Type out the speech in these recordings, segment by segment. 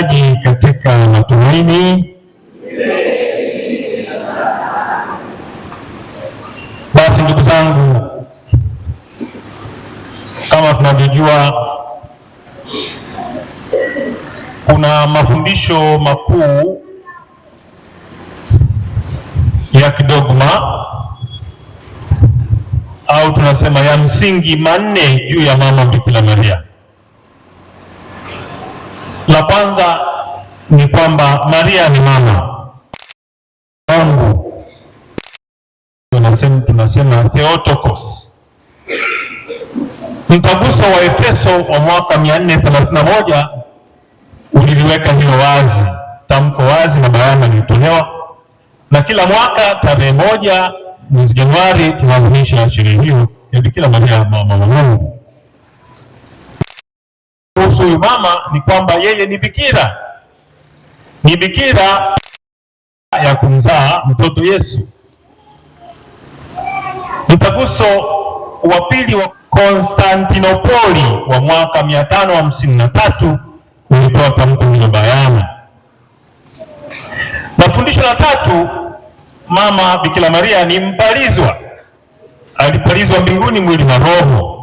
uponyaji katika matumaini. Basi ndugu zangu, kama tunavyojua, kuna mafundisho makuu ya kidogma au tunasema ya msingi manne juu ya mama Bikira Maria. La kwanza ni kwamba Maria ni mama wangu, tunasema Theotokos. Mtaguso wa Efeso wa mwaka 431 uliliweka hilo wazi, tamko wazi na bayana lilitolewa, na kila mwaka tarehe moja mwezi Januari tunaadhimisha sherehe hiyo ya Bikira Maria mama wa Mungu kuhusu huyu mama ni kwamba yeye ni bikira, ni bikira ya kumzaa mtoto Yesu. Mtaguso wa pili wa Konstantinopoli wa mwaka 553 ulitoa tamko hilo bayana. Na fundisho la tatu, mama Bikira Maria ni mbalizwa, alipalizwa mbinguni mwili na roho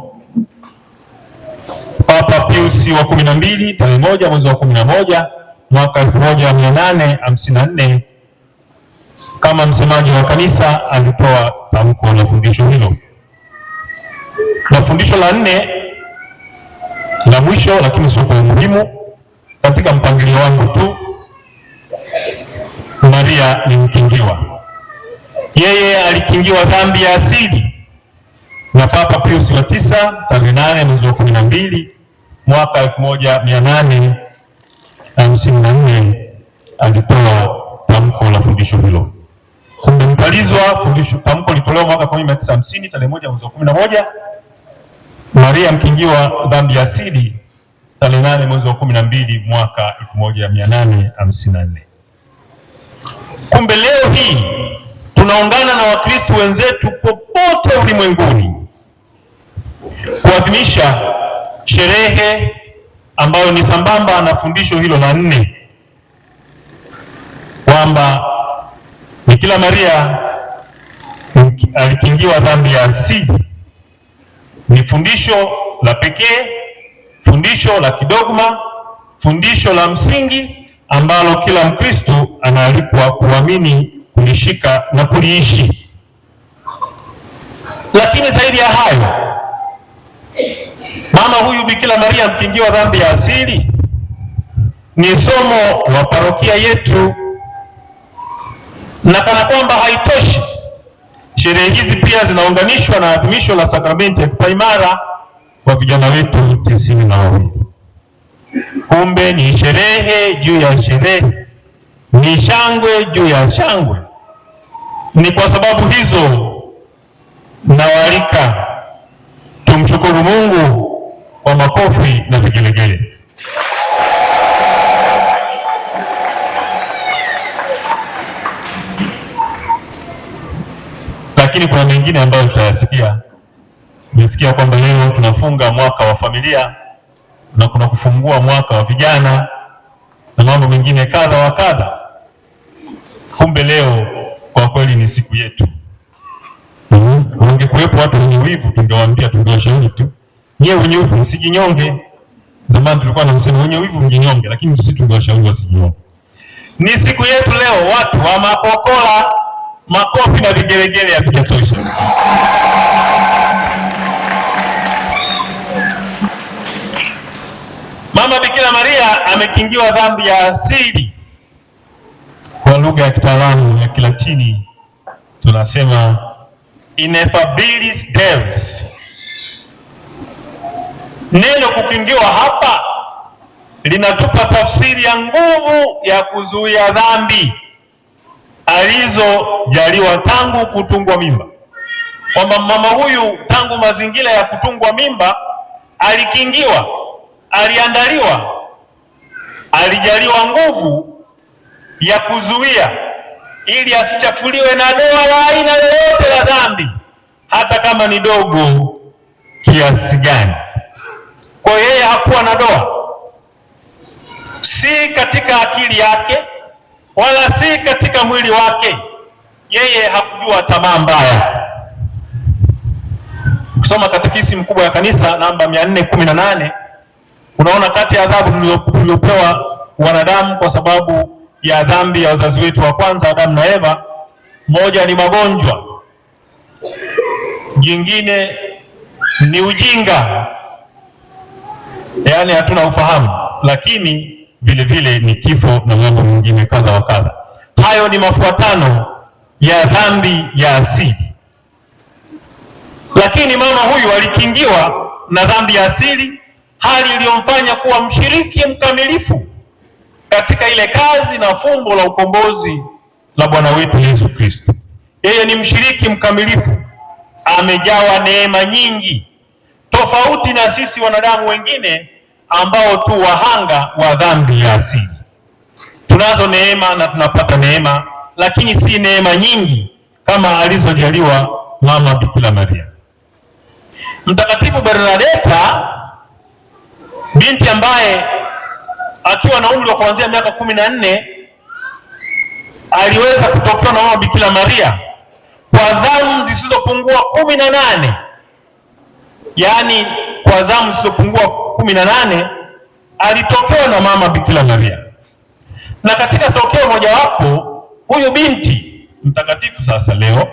Papa Pius wa kumi na mbili tarehe moja mwezi wa kumi na moja mwaka elfu moja mia nane hamsini na nne kama msemaji wa kanisa alitoa tamko la fundisho hilo. Na fundisho la nne la mwisho, lakini sio kwa umuhimu, katika mpangilio wangu tu, Maria ni mkingiwa. Yeye alikingiwa dhambi ya asili na Papa Pius wa tisa tarehe nane mwezi wa kumi na mbili mwaka elfu moja mia nane hamsini na nne alitoa tamko la fundisho hilo. Kumbe Mpalizwa, fundisho tamko litolewa mwaka hamsini tarehe moja mwezi wa moja Maria Mkingiwa, dhambi ya asili, tarehe nane mwezi wa kumi mbili mwaka nne. Kumbe leo hii tunaungana na Wakristo wenzetu popote ulimwenguni kuadhimisha sherehe ambayo ni sambamba na fundisho hilo la nne kwamba Bikira Maria alikingiwa dhambi ya asili. Ni fundisho la pekee, fundisho la kidogma, fundisho la msingi ambalo kila Mkristo anaalikwa kuamini, kulishika na kuliishi. Lakini zaidi ya hayo Mama huyu Bikira Maria mkingiwa dhambi ya asili ni somo wa parokia yetu, na kana kwamba haitoshi, sherehe hizi pia zinaunganishwa na adhimisho la sakramenti ya kipaimara kwa vijana wetu tisini na wawili. Kumbe ni sherehe juu ya sherehe, ni shangwe juu ya shangwe. Ni kwa sababu hizo nawaalika tumshukuru Mungu kwa makofi na vigelegele. Lakini kuna mengine ambayo tutayasikia. Nimesikia kwamba leo tunafunga mwaka wa familia na kuna kufungua mwaka wa vijana na mambo mengine kadha wa kadha. Kumbe leo kwa kweli ni siku yetu. Mhm. Wangekuwepo watu wenye wivu, tungewaambia tungewashauri tu nye wenye wivu msijinyonge. Zamani tulikuwa tunasema wenye wivu mjinyonge, lakini sisi tunawashauri wasijinyonge. Ni siku yetu leo, watu wa Mapokola, makofi na vigelegele havijatosha. Mama Bikira Maria amekingiwa dhambi ya asili, kwa lugha ya kitaalamu ya Kilatini tunasema ineffabilis deus Neno kukingiwa hapa linatupa tafsiri ya nguvu ya kuzuia dhambi alizojaliwa tangu kutungwa mimba, kwamba mama huyu tangu mazingira ya kutungwa mimba alikingiwa, aliandaliwa, alijaliwa nguvu ya kuzuia ili asichafuliwe na doa la aina yoyote la dhambi, hata kama ni dogo kiasi gani. Kwa hiyo yeye hakuwa na doa, si katika akili yake wala si katika mwili wake. Yeye hakujua tamaa mbaya. Kusoma katekisimu kubwa ya kanisa namba 418 unaona kati ya adhabu tuliyopewa wanadamu kwa sababu ya dhambi ya wazazi wetu wa kwanza Adamu na Eva, moja ni magonjwa, jingine ni ujinga yaani hatuna ufahamu, lakini vile vile ni kifo na mambo mengine kadha wa kadha. Hayo ni mafuatano ya dhambi ya asili, lakini mama huyu alikingiwa na dhambi ya asili, hali iliyomfanya kuwa mshiriki mkamilifu katika ile kazi na fumbo la ukombozi la Bwana wetu Yesu Kristo. Yeye ni mshiriki mkamilifu, amejawa neema nyingi, tofauti na sisi wanadamu wengine ambao tu wahanga wa dhambi ya asili. Tunazo neema na tunapata neema, lakini si neema nyingi kama alizojaliwa mama Bikira Maria. Mtakatifu Bernadeta binti ambaye akiwa na umri wa kuanzia miaka kumi na nne aliweza kutokewa na mama Bikira Maria kwa zamu zisizopungua kumi na nane yaani kwa zamu zisizopungua kumi na nane alitokewa na mama Bikira Maria, na katika tokeo mojawapo huyu binti mtakatifu sasa leo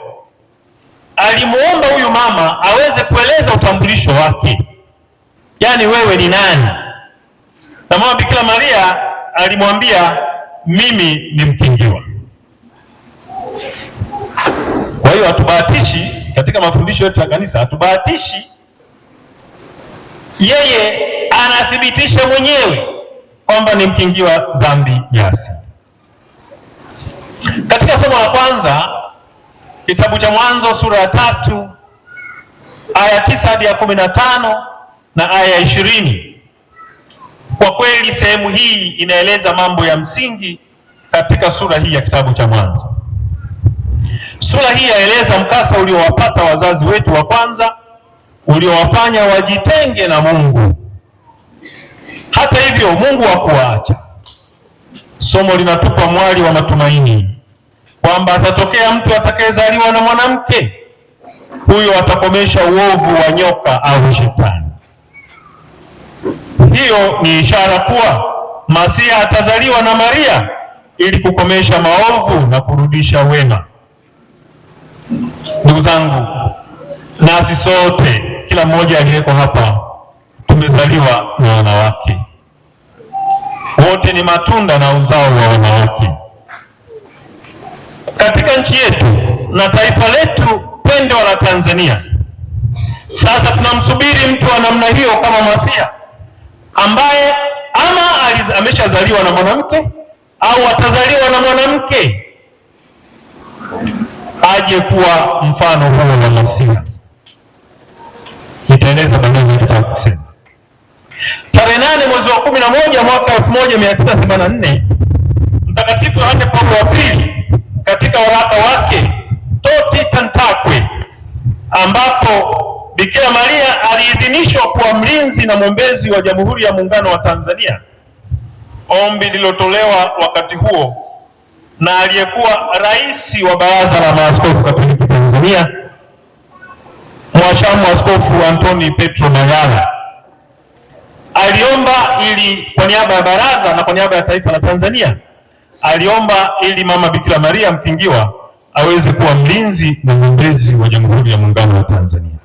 alimwomba huyu mama aweze kueleza utambulisho wake, yaani wewe ni nani? Na mama Bikira Maria alimwambia mimi ni mkingiwa. Kwa hiyo hatubahatishi katika mafundisho yetu ya kanisa, hatubahatishi yeye anathibitisha mwenyewe kwamba ni mkingiwa dhambi yasi. Katika somo la kwanza kitabu cha Mwanzo sura ya tatu aya tisa hadi ya kumi na tano na aya ya ishirini. Kwa kweli sehemu hii inaeleza mambo ya msingi katika sura hii ya kitabu cha Mwanzo. Sura hii yaeleza mkasa uliowapata wazazi wetu wa kwanza uliowafanya wajitenge na Mungu hata hivyo Mungu hakuwaacha. Somo linatupa mwali wa matumaini kwamba atatokea mtu atakayezaliwa na mwanamke, huyo atakomesha uovu wa nyoka au shetani. Hiyo ni ishara kuwa Masia atazaliwa na Maria ili kukomesha maovu na kurudisha wema. Ndugu zangu, nasi sote, kila mmoja aliyeko hapa tumezaliwa na wanawake, wote ni matunda na uzao wa wanawake. Katika nchi yetu na taifa letu pendwa la Tanzania, sasa tunamsubiri mtu wa namna hiyo kama Masia ambaye ama ameshazaliwa na mwanamke au atazaliwa na mwanamke aje kuwa mfano huo wa Masia. Nitaeleza baadaye nitakusema Tarehe nane mwezi wa kumi na moja mwaka elfu moja mia tisa themanini na nne Mtakatifu Yohane Paulo wa Pili katika waraka wake Toti Tantakwe, ambapo Bikira Maria aliidhinishwa kuwa mlinzi na mwombezi wa Jamhuri ya Muungano wa Tanzania, ombi lililotolewa wakati huo na aliyekuwa rais wa Baraza la Maaskofu Katoliki Tanzania, mwashamu Askofu Antoni Petro Magala aliomba ili kwa niaba ya baraza na kwa niaba ya taifa la Tanzania, aliomba ili mama Bikira Maria mkingiwa aweze kuwa mlinzi na mwombezi wa Jamhuri ya Muungano wa Tanzania,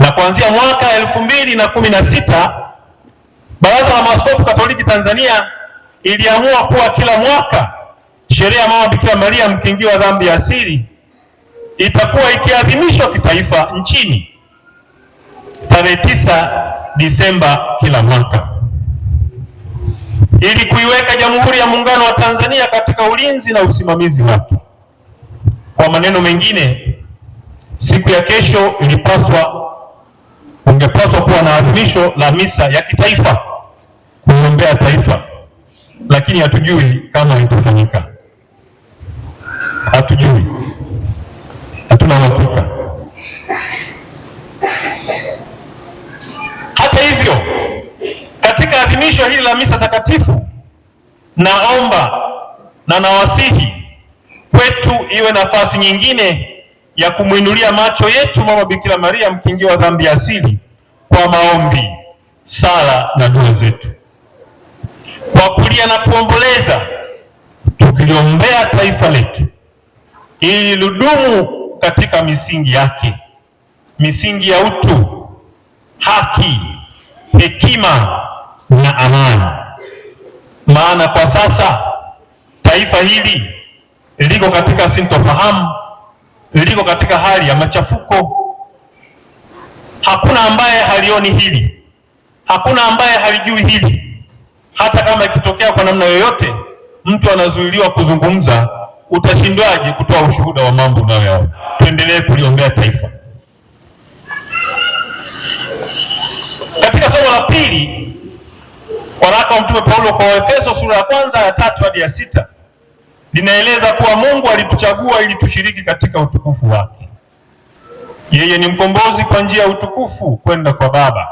na kuanzia mwaka elfu mbili na kumi na sita Baraza la Maaskofu Katoliki Tanzania iliamua kuwa kila mwaka sherehe ya mama Bikira Maria Mkingiwa dhambi ya asili itakuwa ikiadhimishwa kitaifa nchini tarehe tisa Disemba kila mwaka ili kuiweka Jamhuri ya Muungano wa Tanzania katika ulinzi na usimamizi wake. Kwa maneno mengine, siku ya kesho ilipaswa, ungepaswa kuwa na adhimisho la misa ya kitaifa kuombea taifa, lakini hatujui kama itafanyika, hatujui, hatuna adhimisho hili la misa takatifu, naomba na nawasihi kwetu iwe nafasi nyingine ya kumwinulia macho yetu Mama Bikira Maria, mkingi wa dhambi asili, kwa maombi, sala na dua zetu, kwa kulia na kuomboleza, tukiliombea taifa letu ili lidumu katika misingi yake, misingi ya utu, haki, hekima na amani. Maana kwa sasa taifa hili liko katika sintofahamu, liko katika hali ya machafuko. Hakuna ambaye halioni hili, hakuna ambaye halijui hili. Hata kama ikitokea kwa namna yoyote mtu anazuiliwa kuzungumza, utashindwaje kutoa ushuhuda wa mambo unayoyaona? Tuendelee kuliombea taifa. Katika somo la pili Waraka wa Mtume Paulo kwa Waefeso sura ya kwanza ya tatu hadi ya sita linaeleza kuwa Mungu alituchagua ili tushiriki katika utukufu wake. Yeye ni mkombozi kwa njia ya utukufu kwenda kwa Baba.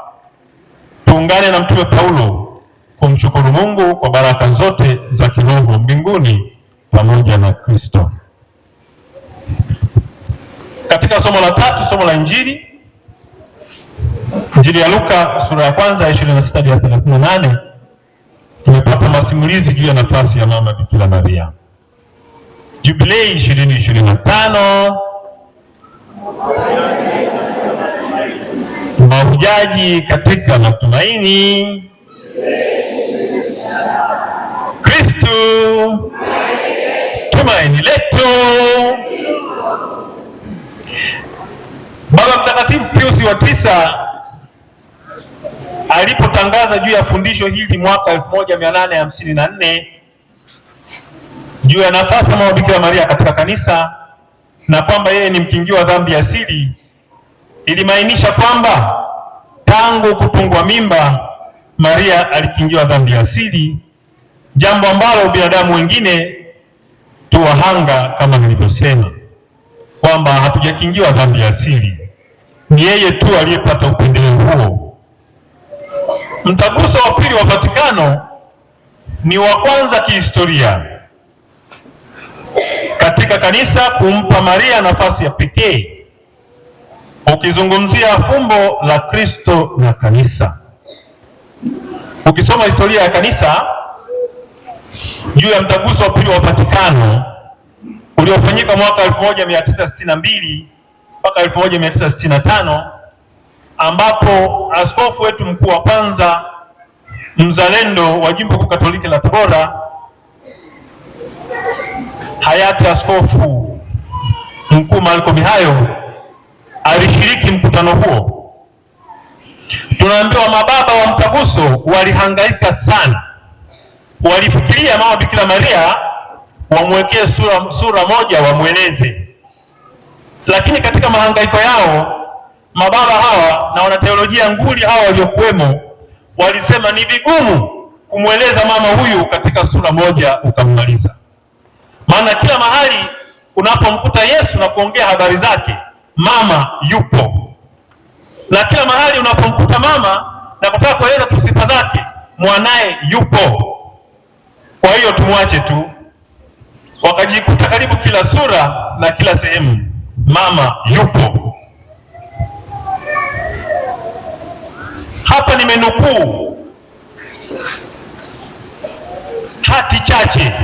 Tuungane na Mtume Paulo kumshukuru Mungu kwa baraka zote za kiroho mbinguni pamoja na Kristo. Katika somo la tatu, somo la Injili, Injili ya Luka sura ya kwanza ya 26 hadi 38 Tumepata masimulizi juu ya nafasi ya mama Bikira Maria Jubilei ishirini ishirini na tano mahujaji katika matumaini. Kristu tumaini letu. Baba Mtakatifu Piusi wa tisa alipotangaza juu ya fundisho hili mwaka 1854 juu ya nafasi ya Bikira Maria katika kanisa na kwamba yeye ni mkingi wa dhambi asili, ilimaanisha kwamba tangu kutungwa mimba Maria alikingiwa dhambi ya asili, jambo ambalo binadamu wengine tu wahanga, kama nilivyosema kwamba hatujakingiwa dhambi ya asili, ni yeye tu aliyepata upendeleo huo. Mtaguso wa pili wa Vatikano ni wa kwanza kihistoria katika kanisa kumpa Maria nafasi ya pekee ukizungumzia fumbo la Kristo na kanisa. Ukisoma historia ya kanisa juu ya mtaguso wa pili wa Vatikano uliofanyika mwaka 1962 mpaka 1965 ambapo askofu wetu mkuu wa kwanza mzalendo wa jimbo kuu Katoliki la Tabora hayati askofu mkuu Marko Mihayo alishiriki mkutano huo. Tunaambiwa mababa wa mtaguso walihangaika sana, walifikiria mama Bikira Maria wamwekee sura, sura moja wamweleze, lakini katika mahangaiko yao mababa hawa na wanateolojia nguli hawa waliokuwemo walisema ni vigumu kumweleza mama huyu katika sura moja ukammaliza, maana kila mahali unapomkuta Yesu na kuongea habari zake, mama yupo, na kila mahali unapomkuta mama na kutaka kueleza tu sifa zake, mwanaye yupo. Kwa hiyo tumwache tu. Wakajikuta karibu kila sura na kila sehemu mama yupo. hapa nimenukuu hati chache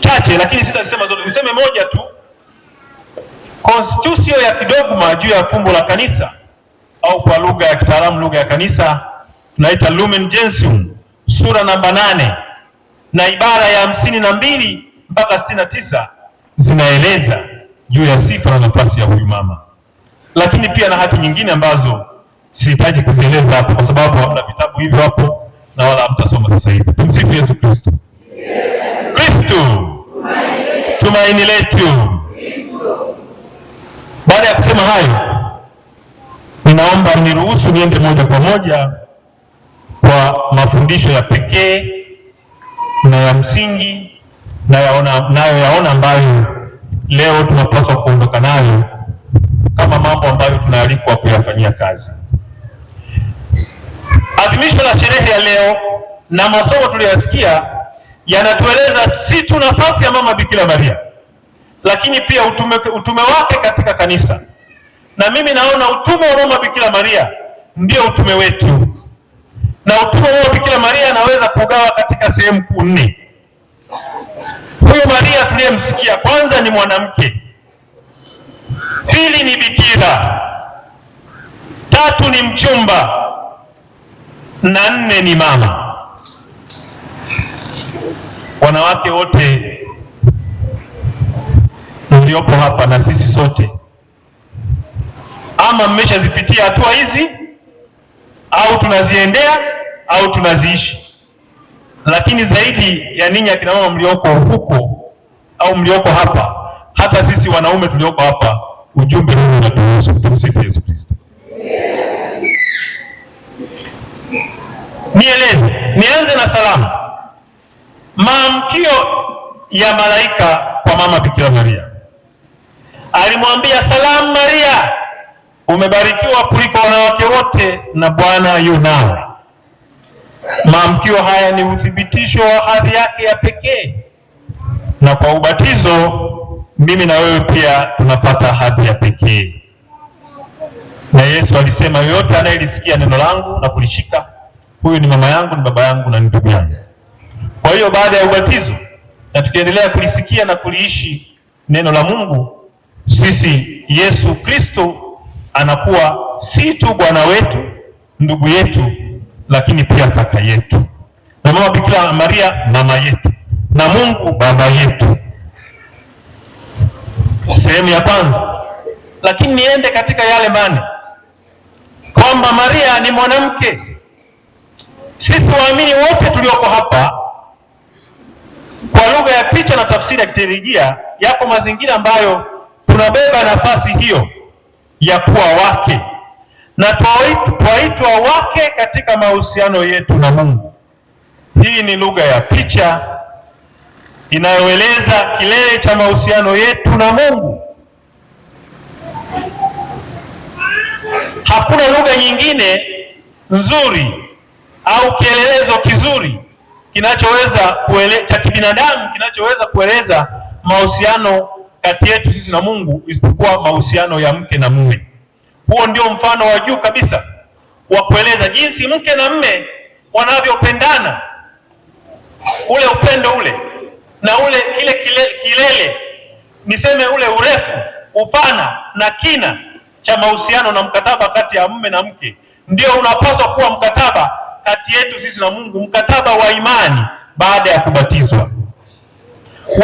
chache, lakini sitazisema zote, niseme moja tu. Konstitusio ya kidogma juu ya fumbo la kanisa au kwa lugha ya kitaalamu, lugha ya kanisa tunaita Lumen Gentium, sura namba nane na ibara ya hamsini na mbili mpaka sitini na tisa zinaeleza juu ya sifa na nafasi ya huyu mama, lakini pia na hati nyingine ambazo sihitaji kuzieleza hapo kwa sababu hamna vitabu hivyo hapo na wala hamtasoma sasa hivi. Tumsifu Yesu Kristo. Kristo tumaini letu. Baada ya kusema hayo, ninaomba mniruhusu niende moja kwa moja kwa mafundisho ya pekee na ya msingi nayo yaona ambayo leo tunapaswa kuondoka nayo kama mambo ambayo tunaalikwa kuyafanyia kazi. Adhimisho la sherehe ya leo na masomo tuliyoyasikia yanatueleza si tu nafasi ya mama Bikira Maria, lakini pia utume, utume wake katika kanisa. Na mimi naona utume wa mama Bikira Maria ndio utume wetu, na utume wa Bikira Maria anaweza kugawa katika sehemu kuu nne. Huyu Maria tuliyemsikia, kwanza ni mwanamke, pili ni bikira, tatu ni mchumba na nne ni mama. Wanawake wote mliopo hapa na sisi sote, ama mmeshazipitia hatua hizi au tunaziendea au tunaziishi, lakini zaidi ya ninyi akina mama mlioko huko au mlioko hapa, hata sisi wanaume tulioko hapa, ujumbe huu unatuhusu. Tumsifu Yesu Kristo. Nianze na salamu. Maamkio ya malaika kwa mama Bikira Maria, alimwambia salamu Maria, umebarikiwa kuliko wanawake wote na Bwana yu nawe. Maamkio haya ni uthibitisho wa hadhi yake ya pekee, na kwa ubatizo mimi na wewe pia tunapata hadhi ya pekee, na Yesu alisema, yoyote anayelisikia neno langu na kulishika huyu ni mama yangu, ni baba yangu na ni ndugu yangu. Kwa hiyo baada ya ubatizo na tukiendelea kulisikia na kuliishi neno la Mungu, sisi Yesu Kristo anakuwa si tu Bwana wetu, ndugu yetu, lakini pia kaka yetu, na mama Bikira Maria mama yetu, na Mungu baba yetu. Sehemu ya kwanza. Lakini niende katika yale mane kwamba Maria ni mwanamke sisi waamini wote tulioko hapa, kwa lugha ya picha na tafsiri ya kiteolojia, yapo mazingira ambayo tunabeba nafasi hiyo ya kuwa wake na twaitwa wake katika mahusiano yetu na Mungu. Hii ni lugha ya picha inayoeleza kilele cha mahusiano yetu na Mungu. Hakuna lugha nyingine nzuri au kielelezo kizuri kinachoweza cha kibinadamu kinachoweza kueleza mahusiano kati yetu sisi na Mungu isipokuwa mahusiano ya mke na mume. Huo ndio mfano wa juu kabisa wa kueleza jinsi mke na mume wanavyopendana, ule upendo ule na ule kile kile, kilele niseme ule urefu, upana na kina cha mahusiano na mkataba kati ya mume na mke ndio unapaswa kuwa mkataba kati yetu sisi na Mungu, mkataba wa imani baada ya kubatizwa.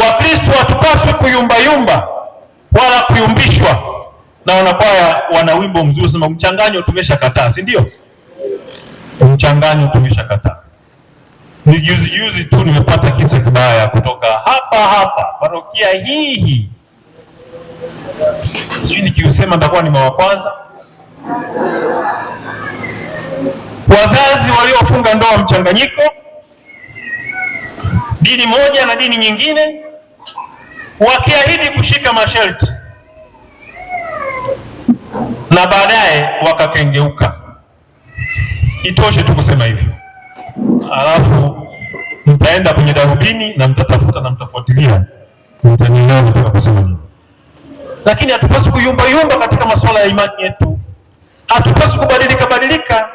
Wakristo hatupaswi kuyumbayumba wala kuyumbishwa. na wanapaya wana wimbo mzuri sema, mchanganyo tumeshakataa, si ndio? Mchanganyo tumeshakataa. Ni juzi juzi tu nimepata kisa kibaya kutoka hapa hapa parokia hii hii, sijui nikiusema nitakuwa ni wa kwanza wazazi waliofunga ndoa mchanganyiko, dini moja na dini nyingine, wakiahidi kushika masharti na baadaye wakakengeuka. Itoshe tu kusema hivyo, alafu mtaenda kwenye darubini na mtatafuta na mtafuatilia mtanielewa nataka kusema nini. Lakini hatupaswi kuyumbayumba katika masuala ya imani yetu, hatupaswi kubadilika badilika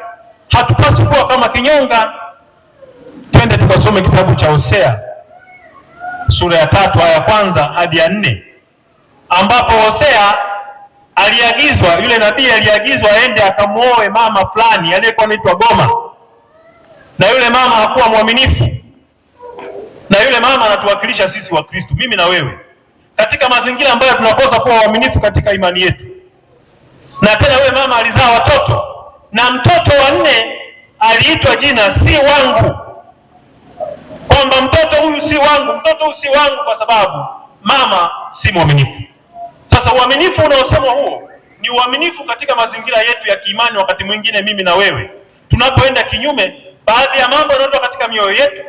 Hatupasi kuwa kama kinyonga. Twende tukasome kitabu cha Hosea sura ya tatu aya ya kwanza hadi ya nne ambapo Hosea aliagizwa, yule nabii aliagizwa aende akamuoe mama fulani aliyekuwa anaitwa Goma, na yule mama hakuwa mwaminifu. Na yule mama anatuwakilisha sisi wa Kristo, mimi na wewe, katika mazingira ambayo tunakosa kuwa waaminifu katika imani yetu. Na tena yule mama alizaa watoto na mtoto wa nne aliitwa jina si wangu, kwamba mtoto huyu si wangu, mtoto huyu si wangu kwa sababu mama si mwaminifu. Sasa uaminifu unaosemwa huo ni uaminifu katika mazingira yetu ya kiimani. Wakati mwingine mimi na wewe tunapoenda kinyume, baadhi ya mambo yanayotoka katika mioyo yetu,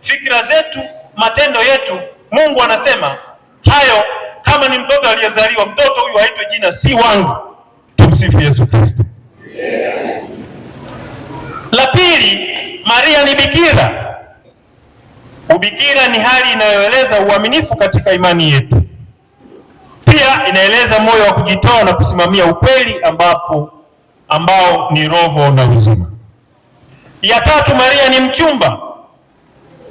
fikra zetu, matendo yetu, Mungu anasema hayo. Kama ni mtoto aliyezaliwa, mtoto huyu aitwe jina si wangu. Tumsifu Yesu Kristo. La pili, Maria ni bikira. Ubikira ni hali inayoeleza uaminifu katika imani yetu, pia inaeleza moyo wa kujitoa na kusimamia ukweli ambapo ambao ni roho na uzima. Ya tatu, Maria ni mchumba.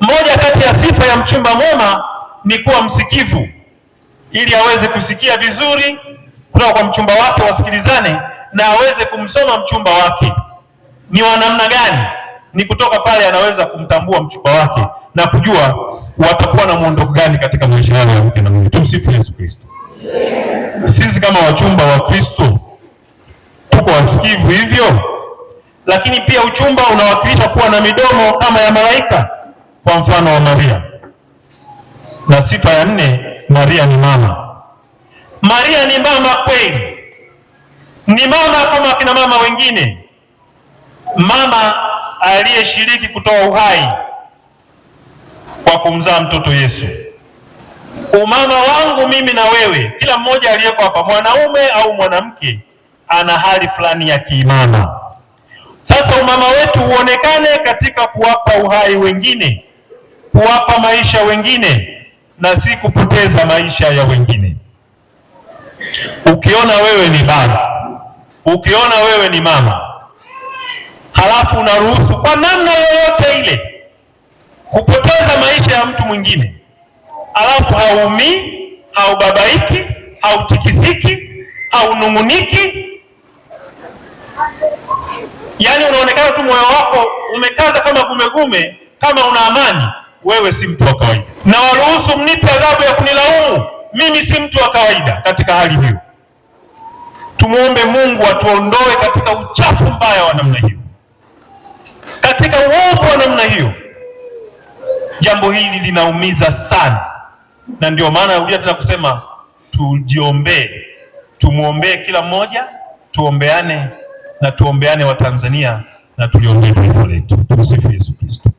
Moja kati ya sifa ya mchumba mwema ni kuwa msikivu, ili aweze kusikia vizuri kutoka kwa mchumba wake, wasikilizane na aweze kumsoma mchumba wake ni wa namna gani, ni kutoka pale anaweza kumtambua mchumba wake na kujua watakuwa na mwondo gani katika maisha yao ya mke na mume. Tumsifu Yesu Kristo. Sisi kama wachumba wa Kristo tuko wasikivu hivyo, lakini pia uchumba unawakilisha kuwa na midomo kama ya malaika, kwa mfano wa Maria. Na sifa ya nne, Maria ni mama. Maria ni mama kweli ni mama kama akina mama wengine, mama aliyeshiriki kutoa uhai kwa kumzaa mtoto Yesu. Umama wangu mimi na wewe, kila mmoja aliyeko hapa, mwanaume au mwanamke, ana hali fulani ya kiimani. Sasa umama wetu uonekane katika kuwapa uhai wengine, kuwapa maisha wengine, na si kupoteza maisha ya wengine. Ukiona wewe ni baba Ukiona wewe ni mama halafu unaruhusu kwa namna yoyote ile kupoteza maisha ya mtu mwingine, halafu hauumii, haubabaiki, hautikisiki, haunung'uniki, yaani unaonekana tu moyo wako umekaza kama gumegume, kama una amani, wewe si mtu wa kawaida. Na waruhusu mnipe adhabu ya kunilaumu, mimi si mtu wa kawaida katika hali hiyo. Tumwombe Mungu atuondoe katika uchafu mbaya wa namna hiyo, katika uovu wa namna hiyo. Jambo hili linaumiza sana, na ndio maana narudia tena kusema tujiombee, tumwombee kila mmoja, tuombeane na tuombeane Watanzania na tuliombee taifa letu. Tumsifu Yesu Kristo.